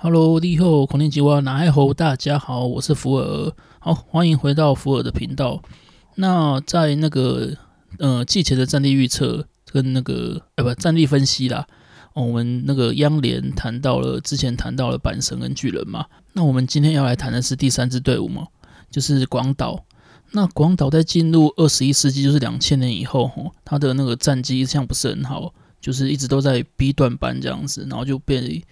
Hello，哩賀 Konnichiwa，哪嗨，猴？大家好，我是福爾，好，歡迎回到福爾的頻道。那在那個呃季前的戰力預測跟那個哎、欸、不戰力分析啦，哦、我們那個央聯談到了之前談到了阪神跟巨人嘛。那我們今天要來談的是第三支隊伍嘛，就是廣島。那廣島在進入二十一世紀，就是兩千年以後，它的那個戰績一向不是很好，就是一直都在 B 段班這樣子，然後就變。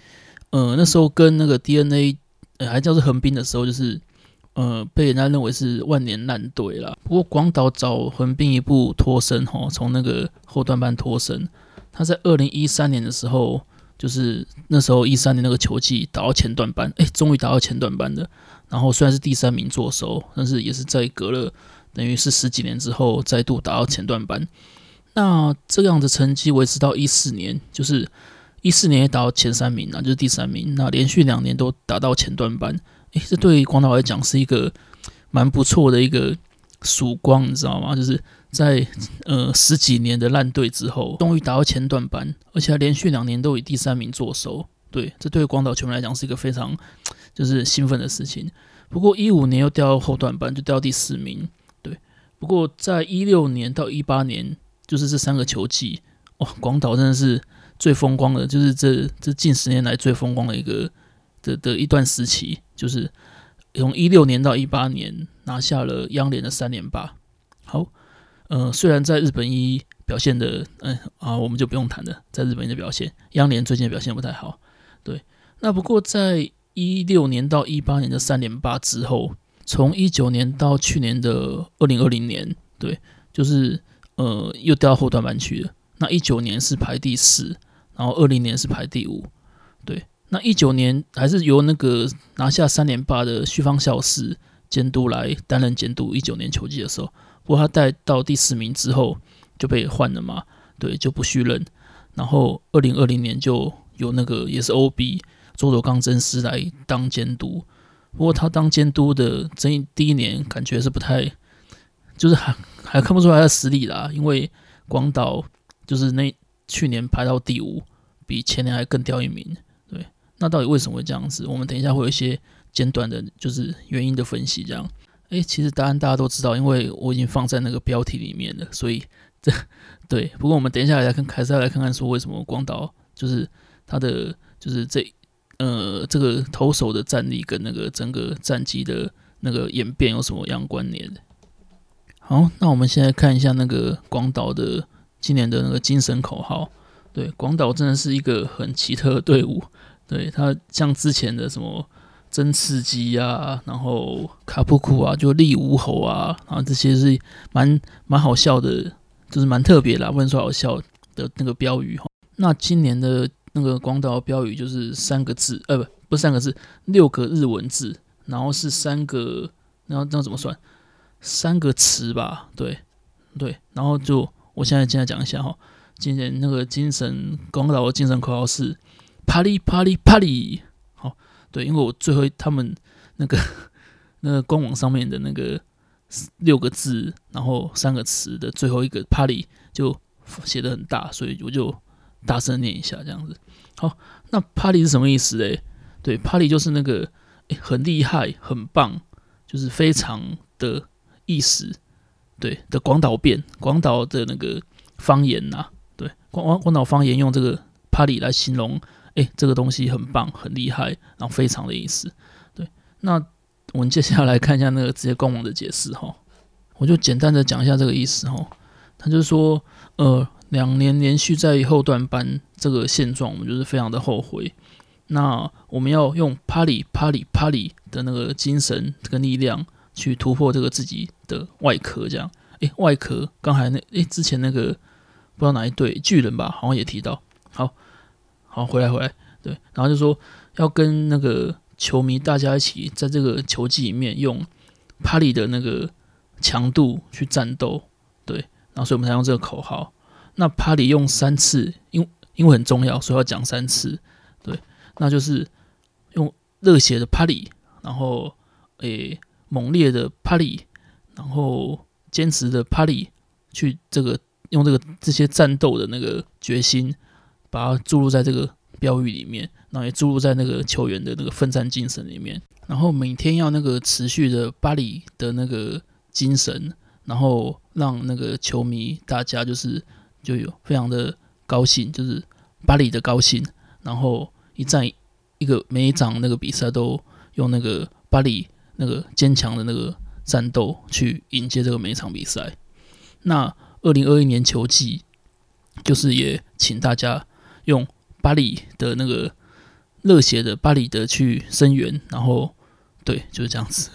呃，那時候跟那個 DeNA，欸，還叫做橫濱的時候，就是呃被人家認為是萬年爛隊啦。不過廣島早橫濱一步脫身哈，從那個後段班脫身。他在二零一三年的時候，就是那時候一三年那個球季打到前段班，哎，欸，終於打到前段班的。然後雖然是第三名作收，但是也是在隔了等於是十幾年之後再度打到前段班。那這樣的成績維持到一四年，就是。一四年也打到前三名，那就是第三名。那連續兩年都打到前段班，誒，這對於廣島來講是一個蠻不錯的一個曙光，你知道嗎？就是在呃十幾年的爛隊之後，終於打到前段班，而且還連續兩年都以第三名作收。對，這對廣島球迷來講是一個非常就是興奮的事情。不過一五年又掉到後段班，就掉第四名。對，不過在一六年到一八年，就是這三個球季，哇，廣島真的是。最風光的，就是這這近十年來最風光的一個的的一段時期，就是從一六年到一八年拿下了央聯的三連霸。好，呃，雖然在日本一表現的，嗯、欸、啊，我們就不用談了。在日本一的表現，央聯最近表現不太好。對，那不過在一六年到一八年的三連霸之後，從一九年到去年的二零二零年，對，就是呃，又掉到後段班區了。那一九年是排第四。然後二零年是排第五，對，那一九年還是由那個拿下三連霸的緒方孝市監督來擔任監督一九年球季的時候，不過他帶到第四名之後就被換了嘛，對，就不續任。然後二零二零年就由那個也是 OB 佐佐岡真司來當監督，不過他當監督的這第一年感覺是不太，就是還還看不出來他的實力啦，因為廣島就是那。去年排到第五，比前年還更掉一名。對，那到底為什麼會這樣子？我們等一下會有一些簡短的，就是原因的分析。這樣，誒，其實答案大家都知道，因為我已經放在那個標題裡面了。所以，這對。不過我們等一下來跟凱撒來看看，說為什麼廣島就是他的，就是這呃這個投手的戰力跟那個整個戰績的那個演變有什麼樣關聯？好，那我們現在看一下那個廣島的。今年的那個精神口號，對廣島真的是一個很奇特的隊伍。對它像之前的什麼真刺雞啊，然後卡布庫啊，就利武侯啊，然後這些是蠻蠻好笑的，就是蠻特別啦，不能說好笑的那個標語哈。那今年的那個廣島標語就是三個字，呃，不，不是三個字，六個日文字，然後是三個，那那怎麼算？三個詞吧，對對，然後就。我現在現在講一下哈，今天那個精神廣老的精神口號是“啪里啪里啪里”。好，對，因為我最後他們那個那個官網上面的那個六個字，然後三個詞的最後一個“啪里”就寫的很大，所以我就大聲念一下這樣子。好，那“啪里”是什麼意思嘞？對，“啪里”就是那個、欸、很厲害、很棒，就是非常的意思。對的變，廣島變廣島的那個方言吶、啊，對廣廣廣島方言用這個 pali 來形容，誒、欸，這個東西很棒，很厲害，然後非常的意思。對，那我們接下來看一下那個職業官網的解釋哈，我就簡單的講一下這個意思哈。他就是說，呃，兩年連續在後段班這個現狀，我們就是非常的後悔。那我們要用 pali pali pali 的那個精神跟力量去突破這個自己。的外殼這樣，誒、欸，外殼。剛才那，誒、欸，之前那個不知道哪一隊巨人吧，好像也提到。好，好，回來回來，對。然後就說要跟那個球迷大家一起在這個球季裡面用帕里那個強度去戰鬥，對。然後所以我們才用這個口號。那帕里用三次，因為因為很重要，所以要講三次，對。那就是用熱血的帕里，然後，誒、欸，猛烈的帕里。然後堅持着巴黎去這個用這個這些戰鬥的那個決心，把它注入在這個標語裡面，然後也注入在那個球員的那個奮戰精神裡面。然後每天要那個持續的巴黎的那個精神，然後讓那個球迷大家就是就有非常的高興，就是巴黎的高興。然後一戰一個每一場那個比賽都用那個巴黎那個堅強的那個。戰鬥去迎接這個每一場比賽。那二零二一年球季，就是也請大家用巴黎的那個熱血的巴黎的去聲援。然後，對，就是這樣子。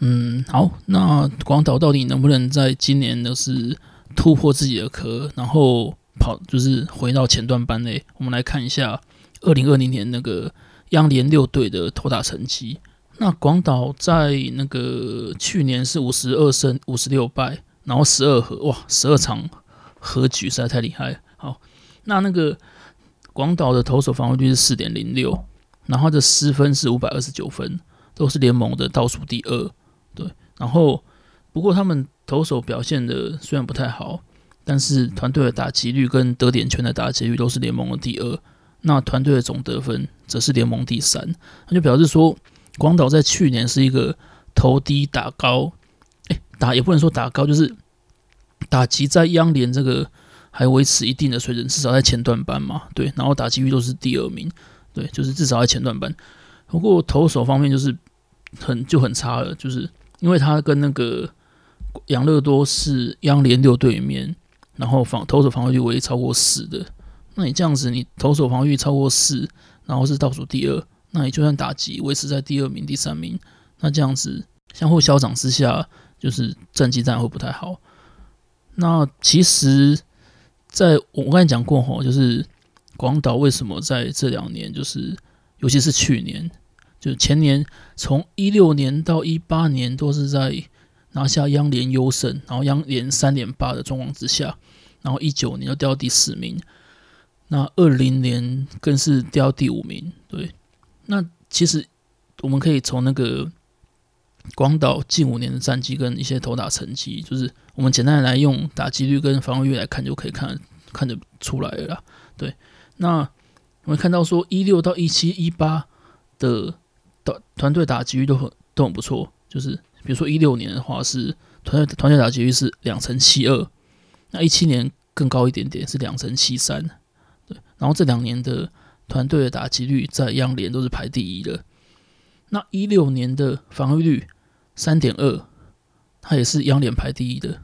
嗯，好，那廣島到底能不能在今年呢？是突破自己的殼，然後跑就是回到前段班內？我們來看一下二零二零年那個央聯六隊的投打成績。那廣島在那個去年是五十二勝五十六敗，然後十二和哇，十二場和局實在太厲害。好，那那個廣島的投手防禦率是四點零六，然後他的失分是五百二十九分，都是聯盟的倒數第二。對，然後不過他們投手表現的雖然不太好，但是團隊的打擊率跟得點圈的打擊率都是聯盟的第二，那團隊的總得分則是聯盟第三，那就表示說。廣島在去年是一個投低打高，哎，打也不能說打高，就是打擊在央聯這個還維持一定的水準，至少在前段班嘛，對，然後打擊率都是第二名，對，就是至少在前段班。不過投手方面就是很就很差了，就是因為他跟那個養樂多是央聯六隊裡面，然後防投手防禦率唯一超過四的，那你這樣子，你投手防禦率超過四，然後是倒數第二。那你就算打擊，維持在第二名、第三名，那這樣子相互消長之下，就是戰績自然會不太好。那其實在我我跟你講過吼，就是廣島為什麼在這兩年，就是尤其是去年，就前年從一六年到一八年都是在拿下央聯優勝，然後央聯三連霸的狀況之下，然後一九年又掉到第四名，那二零年更是掉到第五名，對。那其實，我們可以從那個廣島近五年的戰績跟一些投打成績，就是我們簡單來用打擊率跟防禦率來看，就可以看看得出來了。對，那我們看到說一六到一七一八的團團隊打擊率都很都很不錯，就是比如說一六年的話是團隊團隊打擊率是兩成七二，那一七年更高一點點是兩成七三，對，然後這兩年的。團隊的打擊率在央聯都是排第一的，那一六年的防禦率三點二，它也是央聯排第一的，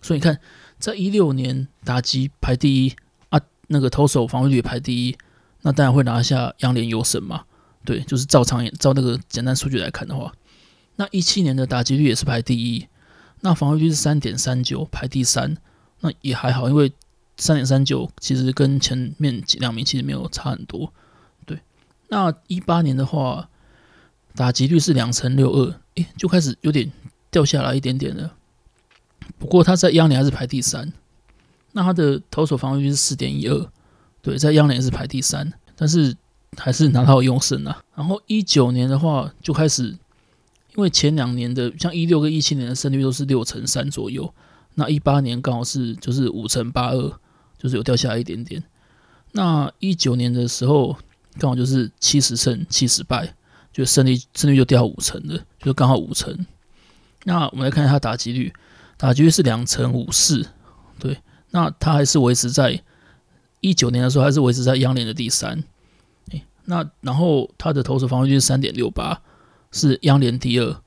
所以你看，在一六年打擊排第一啊，那個投手防禦率也排第一，那當然會拿下央聯優勝嘛。對，就是照常照那個簡單數據來看的話，那一七年的打擊率也是排第一，那防禦率是三點三九排第三，那也還好，因為。三點三九其實跟前面兩名其實沒有差很多，對。那一八年的話，打擊率是兩成六二，誒，就開始有點掉下來一點點了。不過他在央聯還是排第三，那他的投手防御率是四點一二，對，在央聯也是排第三，但是還是拿到優勝啊。然後一九年的話，就開始，因為前兩年的像一六跟一七年的勝率都是六成三左右，那一八年剛好是就是五成八二。就是有掉下來一點點，那一九年的時候，剛好就是七十勝七十敗，就勝利勝率就掉五成的，就剛好五成。那我們來看一下他打擊率，打擊率是兩成五四，對，那他還是維持在一九年的時候，還是維持在央聯的第三。那然後他的投手防禦率是三點六八，是央聯第二。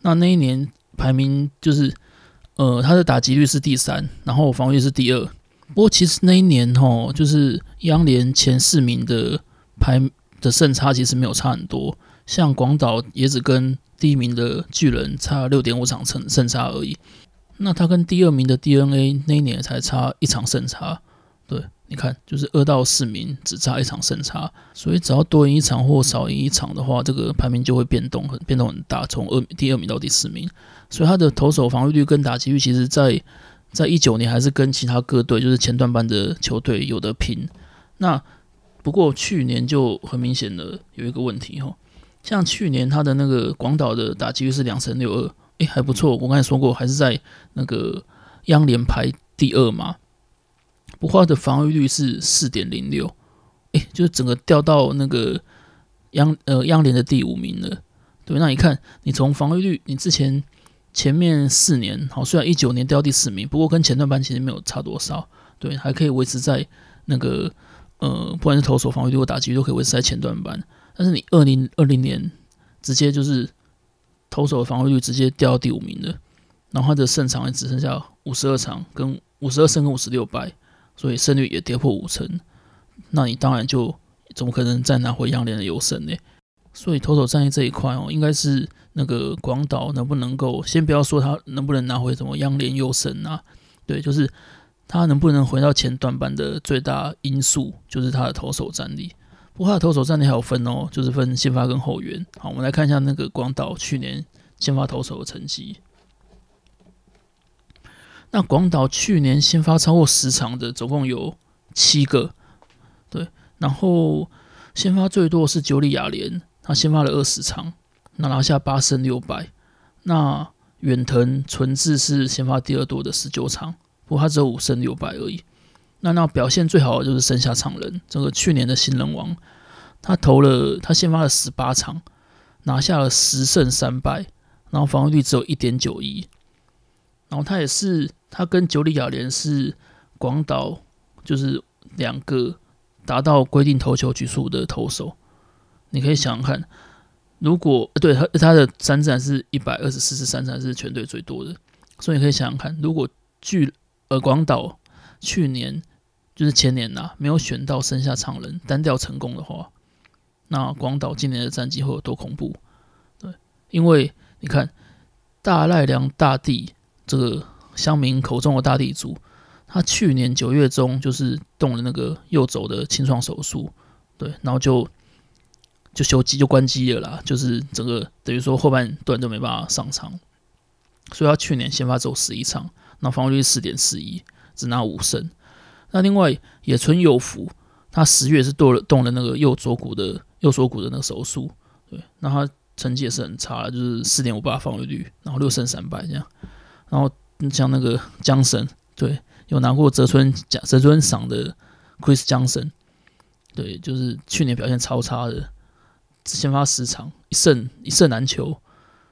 那那一年排名就是，呃，他的打擊率是第三，然後防禦率是第二。不過其實那一年吼，就是央聯前四名的排的勝差其實沒有差很多，像廣島也只跟第一名的巨人差六點五場勝勝差而已。那他跟第二名的 DNA 那一年才差一場勝差。對，你看就是二到四名只差一場勝差，所以只要多贏一場或少贏一場的話，這個排名就會變動很變動很大，從二第二名到第四名。所以他的投手防禦率跟打擊率其實，在在一九年還是跟其他各隊，就是前段班的球隊有得拼。那不過去年就很明顯了，有一個問題吼，像去年他的那個廣島的打擊率是兩成六二，誒，還不錯，我剛才說過還是在那個央聯排第二嘛。不過他的防禦率是四點零六，誒，就是整個掉到那個央呃央聯的第五名了。對，那你看你從防禦率，你之前。前面四年好，雖然一九年掉到第四名，不過跟前段班其實沒有差多少，對，還可以維持在那個呃，不管是投手防禦率或打擊率都可以維持在前段班。但是你二零二零年直接就是投手的防禦率直接掉到第五名了，然後他的勝場也只剩下五十二場跟，跟五十二勝跟五十六敗，所以勝率也跌破五成，那你當然就怎麼可能再拿回央聯的優勝呢？所以投手戰力這一塊哦，應該是那個廣島能不能夠先不要說他能不能拿回什麼央聯優勝啊？對，就是他能不能回到前段班的最大因素，就是他的投手戰力。不過他的投手戰力還有分哦，就是分先發跟後援。好，我們來看一下那個廣島去年先發投手的成績。那廣島去年先發超過十場的總共有七個，對，然後先發最多是九里亞蓮。他先發了二十場，那拿下八勝六敗。那遠藤純志是先發第二多的十九場，不過他只有五勝六敗而已。那那表現最好的就是森下暢仁，這個去年的新人王，他投了他先發了十八場，拿下了十勝三敗，然後防禦率只有一點九一。然後他也是他跟九里亞蓮是廣島，就是兩個達到規定投球局數的投手。你可以想想看，如果對他他的三振是一百二十四次三振是全隊最多的，所以你可以想想看，如果巨呃廣島去年就是前年呐、啊、沒有選到森下暢仁單挑成功的話，那廣島今年的戰績會有多恐怖？對，因為你看大瀨良大地這個鄉民口中的大地主，他去年九月中就是動了那個右肘的清創手術，對，然後就。就修機就關機了啦，就是整個等於說，後半段就沒辦法上場，所以他去年先發走十一場，那防禦率四點四一，只拿五勝。那另外野村佑輔，他十月是動了動了那個右鎖骨的右鎖骨的那個手術，對，那他成績也是很差，就是四點五八防禦率，然後六勝三敗這樣。然後像那個強森，對，有拿過澤村獎，澤村賞的 Chris 強森，對，就是去年表現超差的。先發十場，一勝一勝難求，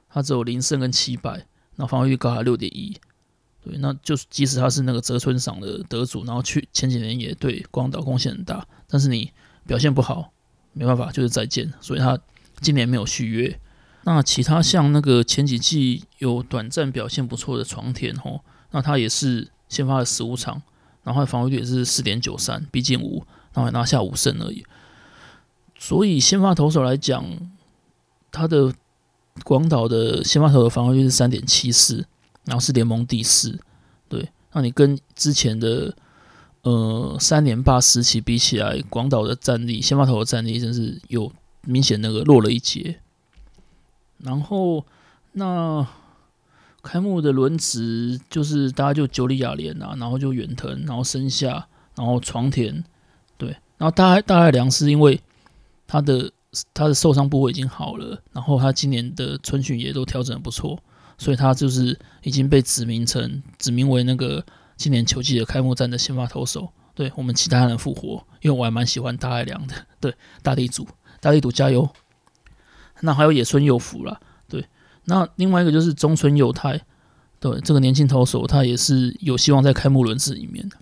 他只有零勝跟七敗，然後防禦率高達六點一，對，那就是即使他是那個澤村賞的得主，然後去前幾年也對廣島貢獻很大，但是你表現不好，沒辦法，就是再見，所以他今年沒有續約。那其他像那個前幾季有短暫表現不錯的床田吼，那他也是先發了十五場，然後防禦率也是四點九三，逼近五，然後拿下五勝而已。所以，以先發投手來講，他的廣島的先發投的防御率是三點七四，然後是聯盟第四。對，那你跟之前的呃三連霸時期比起來，廣島的戰力、先發投的戰力真是有明顯那個弱了一截。然後那開幕的輪值就是大家就九里亞蓮啊，然後就遠藤，然後森下，然後床田，對，然後大概大概量是因為。他的他的受傷部位已經好了，然後他今年的春訓也都調整的不錯，所以他就是已經被指名成指名為那個今年球季的開幕戰的先發投手。對，我們其他人復活，因為我還蠻喜歡大瀨良的，對，大地主，大地主加油。那還有野村祐輔啦，對，那另外一個就是中村祐太，對，這個年輕投手，他也是有希望在開幕輪次裡面的。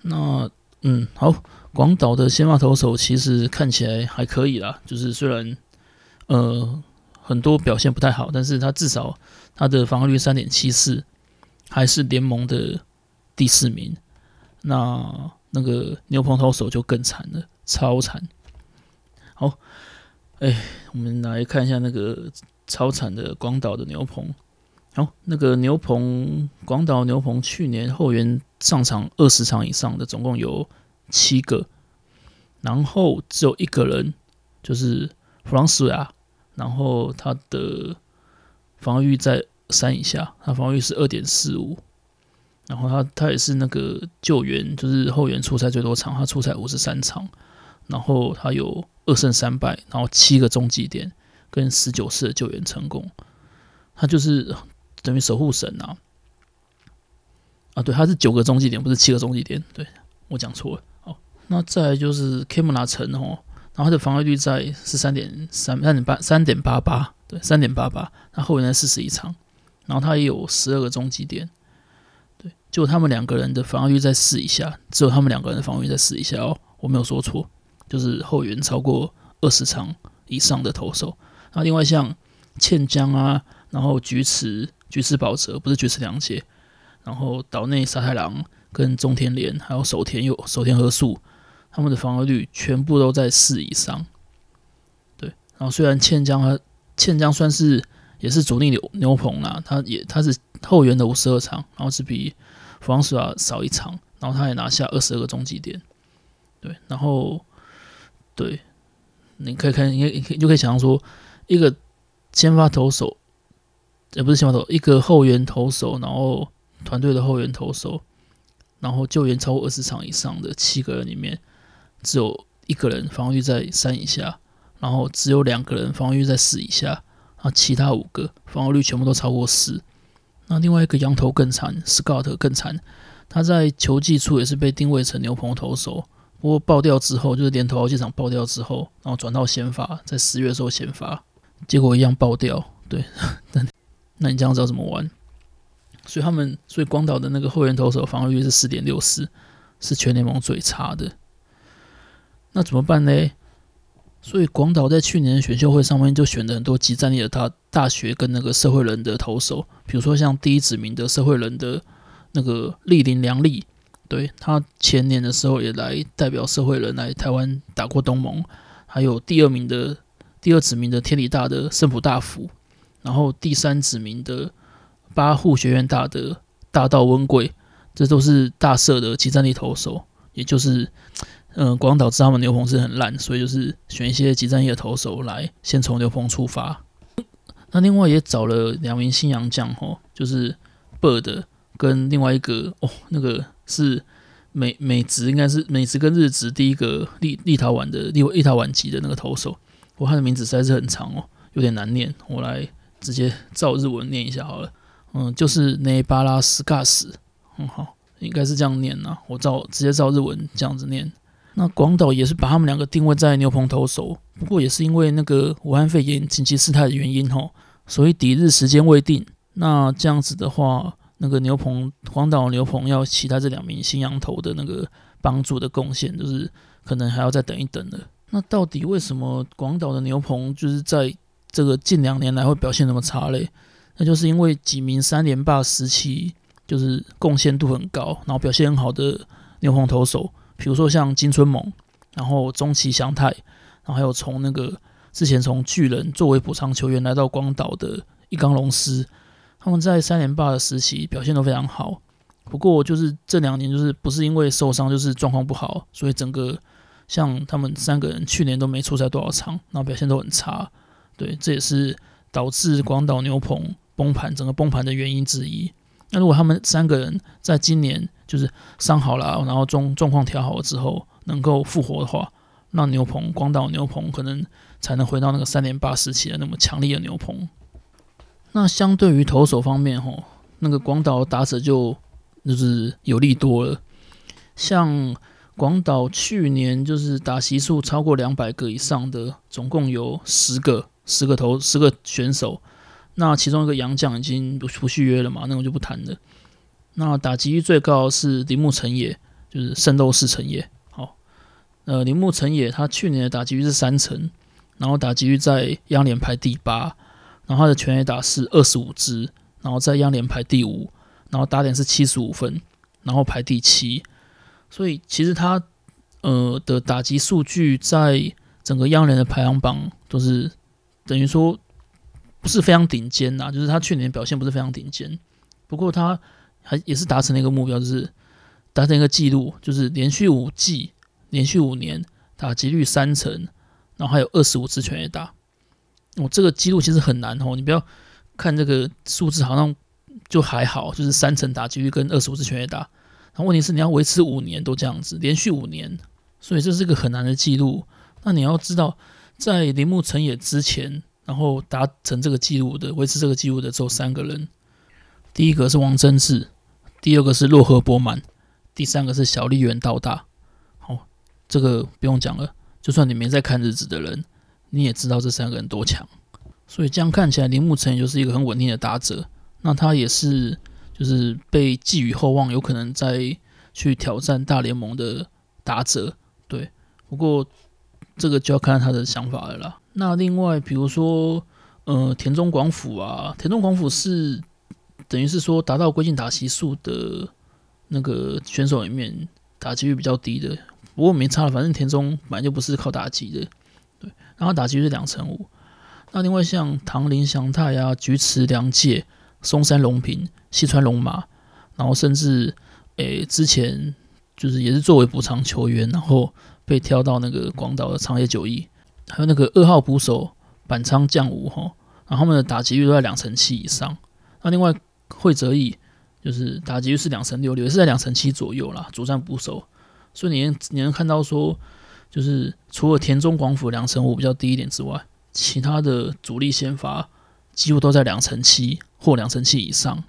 那。嗯，好，廣島的先發投手其實看起來還可以啦，就是雖然呃很多表現不太好，但是他至少他的防禦率三點七四，還是聯盟的第四名。那那個牛棚投手就更慘了，超慘。好，哎、欸，我們來看一下那個超慘的廣島的牛棚。好、哦，那個牛棚廣島牛棚去年後援上場二十場以上的總共有七個，然後只有一個人就是弗朗西啊，然後他的防御在三以下，他防禦是二點四五，然後他他也是那個救援，就是後援出賽最多場，他出賽五十三場，然後他有二勝三敗，然後七個中繼點跟十九次的救援成功，他就是。等於守護神吶、啊，啊，對，他是九個中繼點，不是七個中繼點，對，我講錯了。哦，那再就是 Kemna 誠哦，然後他的防御率在是三點三、三點八、三點八八，對，三點八八。那後援在四十一場，然後他也有十二個中繼點，對，就他們兩個人的防御率在四以下，只有他們兩個人的防御率在四以下哦，我沒有說錯，就是後援超過二十場以上的投手。那另外像塹江啊，然後菊池。菊池保則而不是菊池涼介，然後島內颯太郎跟中田廉，還有藪田佑，藪田和樹，他們的防御率全部都在四以上。對，然後雖然塹江他塹江算是也是主力牛牛棚啦，他也他是後援的五十二場，然後是比法蘭蘇亞少一場，然後他也拿下二十二個中繼點。對，然後對，你可以看，你可以你就可以想象說，一個先發投手。也、欸、不是先毛頭，一個後援投手，然後團隊的後援投手，然後救援超過二十場以上的七個人裡面，只有一個人防禦在三以下，然後只有兩個人防禦在四以下，然後其他五個防禦率全部都超過四。那另外一個洋投更慘，Scott 更慘，他在球季初也是被定位成牛棚投手，不過爆掉之後就是連投好幾場爆掉之後，然後轉到先發，在十月的時候先發，結果一樣爆掉，對，但。 那你這樣子要怎麼玩？所以他們，所以廣島的那個後援投手防禦率是四點六四，是全聯盟最差的。那怎麼辦呢？所以廣島在去年的選秀會上面就選了很多即戰力的他大學跟那個社會人的投手，比如說像第一指名的社會人的那個栗林良吏，對他前年的時候也來代表社會人來台灣打過冬盟，還有第二名的第二指名的天理大的森浦大輔。然後第三指名的八戶學院大德大道溫貴，這都是大社的即戰力投手，也就是，嗯、呃，廣島知他們牛棚是很爛，所以就是選一些即戰力的投手來先從牛棚出發。那另外也找了兩名新洋將哦，就是 Bird 跟另外一個哦，那個是美美職，應該是美職跟日職第一個立立陶宛的立立陶宛籍的那個投手，我看的名字實在是很長哦，有點難念，我來。直接照日文念一下好了，嗯，就是 Nebalasgas 很好，應該是這樣念吶。我照直接照日文這樣子念。那廣島也是把他們兩個定位在牛棚投手，不過也是因為那個武漢肺炎緊急事態的原因吼，所以抵日時間未定。那這樣子的話，那個牛棚廣島牛棚要其他這兩名新洋投的那個幫助的貢獻，就是可能還要再等一等了。那到底為什麼廣島的牛棚就是在這個近兩年來會表現怎麼差嘞？那就是因為幾名三連霸時期，就是貢獻度很高，然後表現很好的牛棚投手，比如說像金春猛，然後中崎祥太，然後還有從那個之前從巨人作為補償球員來到廣島的一岡龍司，他們在三連霸的時期表現都非常好。不過就是這兩年，就是不是因為受傷，就是狀況不好，所以整個像他們三個人去年都沒出賽多少場，然後表現都很差。對，這也是導致廣島牛棚崩盤，整個崩盤的原因之一。那如果他們三個人在今年就是傷好了，啊，然後狀狀況調好了之後，能夠復活的話，那牛棚廣島牛棚可能才能回到那個三年八時期的那麼強力的牛棚。那相對於投手方面，哦，吼，那個廣島打者就就是有利多了。像廣島去年就是打席數超過兩百個以上的，總共有十個。十個投十個選手，那其中一個洋將已經不不續約了嘛，那我就不談了。那打擊率最高是鈴木誠也，就是聖鬥士誠也。好，呃，鈴木誠也他去年的打擊率是三成，然後打擊率在央聯排第八，然後他的全壘打是二十五支，然後在央聯排第五，然後打點是七十五分，然後排第七。所以其實他呃的打擊數據在整個央聯的排行榜都是。等於說不是非常頂尖吶，就是他去年表現不是非常頂尖。不過他還也是達成了一個目標，就是達成一個記錄，就是連續五季，連續五年打擊率三成，然後還有二十五次全壘打。我這個記錄其實很難哦，你不要看這個數字好像就還好，就是三成打擊率跟二十五次全壘打。然後問題是你要維持五年都這樣子，連續五年，所以這是一個很難的記錄。那你要知道。在鈴木誠也之前，然後達成這個記錄的、維持這個記錄的只有三個人。第一個是王貞治，第二個是落合博滿，第三個是小笠原道大。好、哦，這個不用講了，就算你沒在看日子的人，你也知道這三個人多強。所以這樣看起來，鈴木誠也就是一個很穩定的打者。那他也是，就是被寄予厚望，有可能再去挑戰大聯盟的打者。對，不過。這個就要看，看他的想法了啦。那另外，比如說，呃，田中廣輔啊，田中廣輔是等於是說達到規定打席數的那個選手裡面，打擊率比較低的。不過沒差了，反正田中本來就不是靠打擊的，對。然後打擊率是兩成五。那另外像堂林翔太啊、菊池涼介、松山龍平、西川龍馬，然後甚至誒、欸、之前就是也是作為補償球員，然後。被挑到那個廣島的長野久義，還有那個二號捕手坂倉將吾吼，然後他們的打擊率都在兩成七以上。那另外會澤翼就是打擊率是兩成六六，也是在兩成七左右啦，主戰捕手。所以你能你能看到說，就是除了田中廣輔兩成五比較低一點之外，其他的主力先發幾乎都在兩成七或兩成七以上。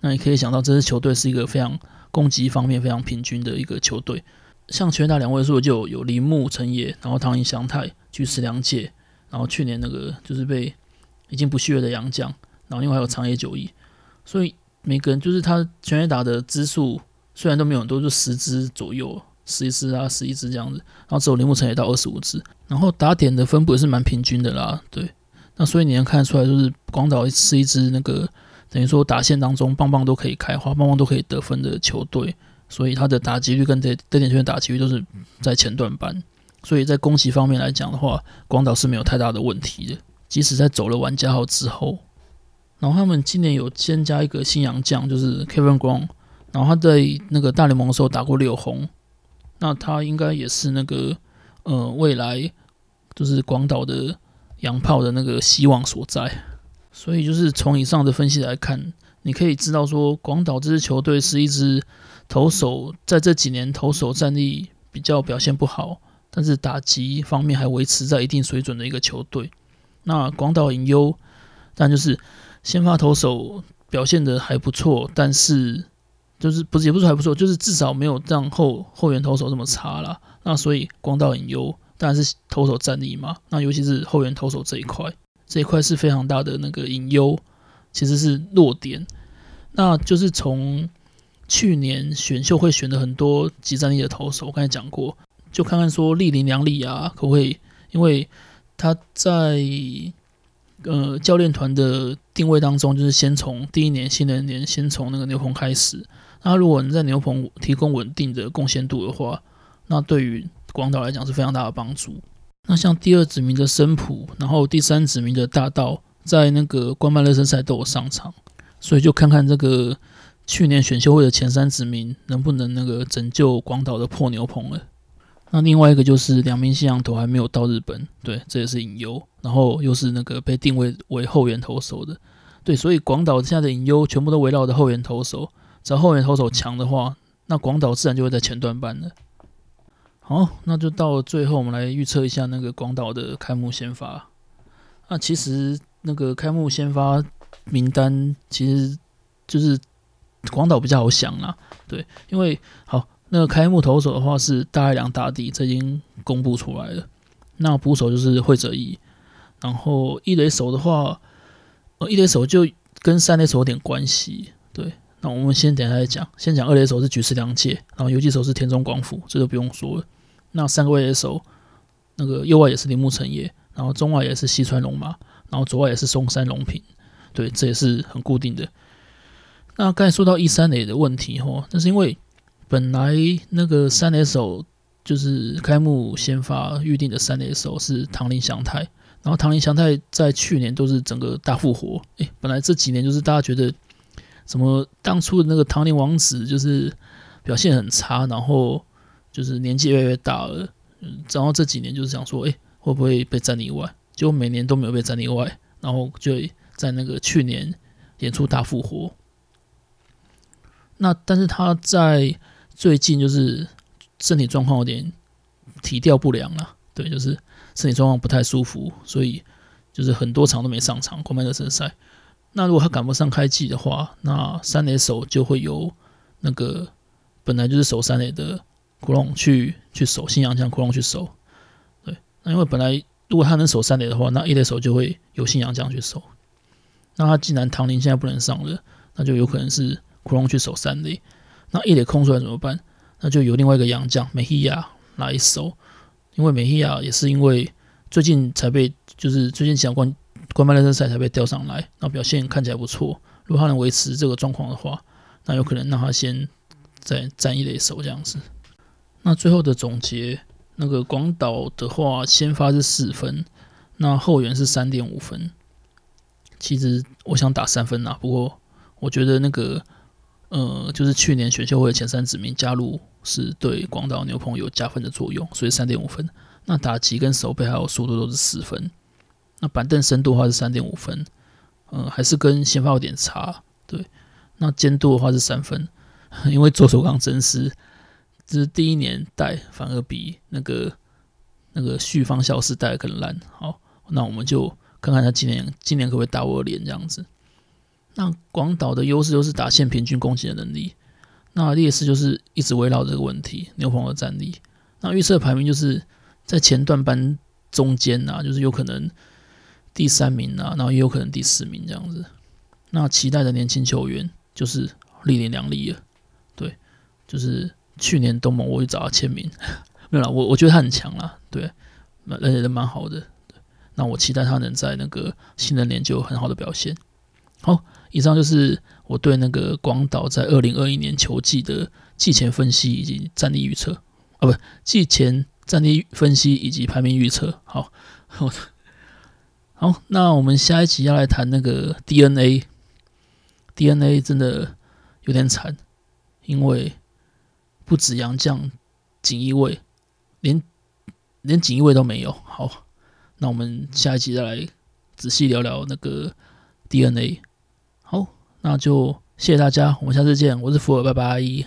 那你可以想到，這支球隊是一個非常攻擊方面非常平均的一個球隊。像全壘打兩位數就有鈴木誠也，然後唐寅祥太、菊池涼介，然後去年那個就是被已經不續約的洋將，然後另外還有長野久義，所以每個人就是他全壘打的支數雖然都沒有很多，就十支左右，十一支啊，十一支這樣子，然後只有鈴木誠也到二十五支，然後打點的分布也是蠻平均的啦，對，那所以你能看得出來就是廣島是一支那個等於說打線當中棒棒都可以開花，棒棒都可以得分的球隊，所以他的打擊率跟得點圈打擊率都是在前段班，所以在攻擊方面來講的話，廣島是沒有太大的問題的。即使在走了丸佳浩之後，然後他們今年有添加一個新洋將，就是 Kevin Cron 然後他在那個大聯盟的時候打過六轟，那他應該也是那個呃未來就是廣島的洋炮的那個希望所在。所以就是從以上的分析來看，你可以知道說，廣島這支球隊是一支投手在這幾年投手戰力比較表現不好，但是打擊方面還維持在一定水準的一個球隊。那廣島隱憂，當然就是先發投手表現得還不錯，但是就是不是，也不是還不錯，就是至少沒有讓後後援投手這麼差啦。那所以廣島隱憂當然是投手戰力嘛，那尤其是後援投手這一塊，這一塊是非常大的那個隱憂，其實是弱點。那就是從去年選秀會選的很多即戰力的投手，我剛才講過，就看看說栗林良吏啊，可不可以？因為他在呃教練團的定位當中，就是先從第一年新人年，先從那個牛棚開始。那如果能在牛棚提供穩定的貢獻度的話，那對於廣島來講是非常大的幫助。那像第二指名的森浦，然後第三指名的大道，在那個官辦熱身賽都有上場。所以就看看這個去年選秀會的前三十名能不能那個拯救廣島的破牛棚了。那另外一個就是兩名新洋投還沒有到日本，對，這也是隱憂。然後又是那個被定位為後援投手的，對，所以廣島現在的隱憂全部都圍繞着後援投手。只要後援投手強的話，那廣島自然就會在前段班了。好，那就到最後我們來預測一下那個廣島的開幕先發。那其實那個開幕先發。名單其實就是廣島比較好想啦，對，因為好那個開幕投手的話是大瀨良大地，這已經公布出來了。那捕手就是會澤翼，然後一壘手的話，呃，一壘手就跟三壘手有點關係，對。那我們先等一下再講，先講二壘手是菊池涼介，然後游擊手是田中廣輔，這就不用說了。那三個外野手，那個右外野是鈴木誠也，然後中外野是西川龍馬，然後左外野是松山龍平。對，這也是很固定的。那剛才說到一三壘的問題哦，那是因為本來那個三壘手就是開幕先發預定的三壘手是堂林翔太，然後堂林翔太在去年都是整個大復活。誒，本來這幾年就是大家覺得什麼當初的那個堂林王子就是表現很差，然後就是年紀越來越大了，嗯，然後這幾年就是想說，誒，會不會被戰力外？結果每年都沒有被戰力外，然後就。在那個去年演出大復活，那但是他在最近就是身體狀況有點體調不良了，對，就是身體狀況不太舒服，所以就是很多場都沒上場，國漫熱身賽。那如果他趕不上開季的話，那三壘手就會由那個本來就是守三壘的庫隆去去守，新洋將庫隆去守，對。那因為本來如果他能守三壘的話，那一壘手就會由新洋將去守。那他既然堂林現在不能上了，那就有可能是庫隆去守三壘。那一壘空出來怎麼辦？那就由另外一個洋將梅西亞來守，因為梅西亞也是因為最近才被，就是最近幾場官辦熱身賽才被調上來，那表現看起來不錯。如果他能維持這個狀況的話，那有可能讓他先在站一壘守這樣子。那最後的總結，那個廣島的話，先發是四分，那後援是三點五分。其實我想打三分吶、啊，不過我覺得那個呃，就是去年選秀會的前三指名加入是對廣島牛棚有加分的作用，所以三點五分。那打擊跟守備還有速度都是十分，那板凳深度的話是三點五分，嗯、呃，還是跟先發有點差。對，那監督的話是三分， 因為佐佐岡真司這、就是第一年帶，反而比那個那個緒方孝市帶的更爛。好，那我們就。看看他今年今年可不可以打我的臉這樣子？那廣島的優勢就是打線平均攻擊的能力，那劣勢就是一直圍繞這個問題牛棚的戰力。那預測排名就是在前段班中間啊，就是有可能第三名啊，然後也有可能第四名這樣子。那期待的年輕球員就是歷年兩利栗林良吏了，對，就是去年東盟冬盟我去找他簽名， 沒有啦，我我覺得他很強啦，對，而且都蠻好的。那我期待他能在那個新人聯就有很好的表現。好，以上就是我對那個廣島在二零二一年球季的季前分析以及戰力預測啊，不，季前戰力分析以及排名預測。好，好，好，那我們下一集要來談那個 DNA。DNA 真的有點慘，因為不止楊將錦衣衛，連連錦衣衛都沒有。好。那我們下一集再來仔細聊聊那個 DNA。好，那就謝謝大家，我們下次見。我是福爾，拜拜。阿姨